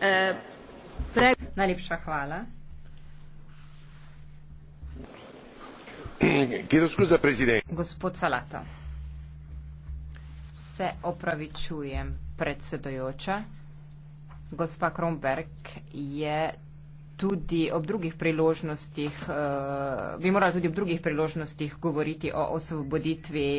Eh, pre... Najlepša hvala. Scusa, Gospod Salato, se opravičujem predsedojoča. Gospa Kromberg je tudi ob drugih priložnostih, uh, bi morala tudi ob drugih priložnostih govoriti o osvoboditvi.